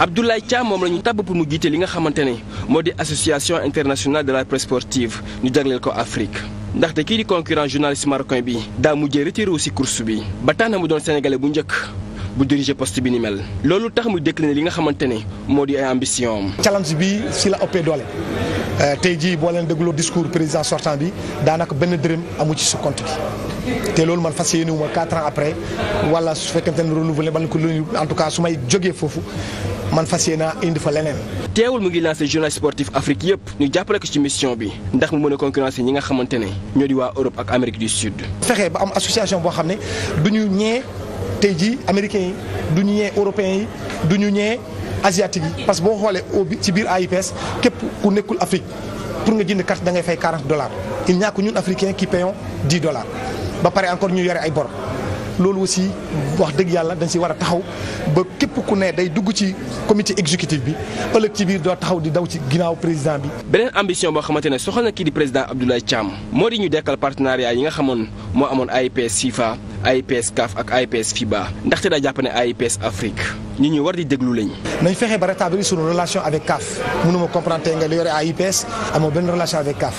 Abdoulaye Thiam moom la ñu tàbb pour mu jiite li nga xamante ne moo di association internationale de la presse sportive ñu jagleel ko Afrique ndaxte kii di concurrent journaliste marocain bi daa mujjee retiré aussi course bi ba tax na mu doon sénégalais bu njëkk bu diriger poste bi ni mel loolu tax mu décliné li nga xamante ne moo di ay ambition bi si la ëppee doole euh, tey jii boo leen dégloo discours président sortant bi daanaka benn dërëm amu ci su bi te loolu man fas yéene wu ma quatre après wala su fekkente ne renouvelé ban ko en tout cas su may jógee foofu. man fas yéene indi fa leneen. teewul mu ngi lancé journal sportif Afrique yëpp ñu jàppale ko ci mission bi ndax mu mën a concurrence ñi nga xamante ne ñoo di waa Europe ak Amérique du Sud. fexe ba am association boo xam ne du ñu ñee tey jii américains yi du ñu ñee européens yi du ñu ñee asiatiques yi parce que boo xoolee ci biir AIPS képp ku nekkul Afrique pour nga jënd carte da ngay fay 40 dollars il n'y a que ñun africains qui payons 10 dollars ba pare encore ñu yore ay bor. loolu aussi wax dëgg yàlla dañ si war a taxaw ba képp ku ne day dugg ci comité exécutif bi ëllëg ci biir doo taxaw di daw ci ginnaaw président bi. beneen ambition boo xamante ne soxal na kii di président Abdoulaye Thiam moo di ñu dekkal partenariat yi nga xamoon moo amoon AIP SIFA. AIPS CAF ak AIPS FIBA ndaxte daa jàpp ne AIPS Afrique ñi ñu war di déglu lañ. nañ fexe ba rétablir suñu relation avec CAF mënuma comprendre tey nga lu yore AIPS amoo benn relation avec CAF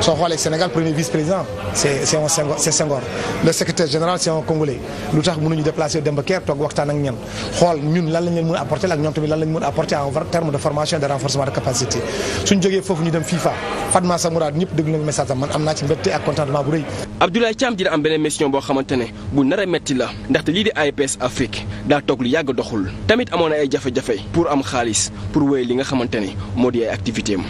soo xoolee Sénégal premier vice président c'est c'est un Senghor c'est général c'est un Congolais lu tax mënuñu déplacer Demba Kër toog waxtaan ak ñan xool ñun lan lañ leen a apporter ak ñoom tamit lan lañ mën apporter en terme de formation de renforcement ci mbégte ak contentement bu rëy. Abdoulaye Thiam dina am xamante ne bu nar a metti la ndaxte lii di AIPS Afrique daa toog lu yàgg doxul tamit amoon ay jafe-jafe pour am xaalis pour wéy li nga xamante ni moo di ay activité am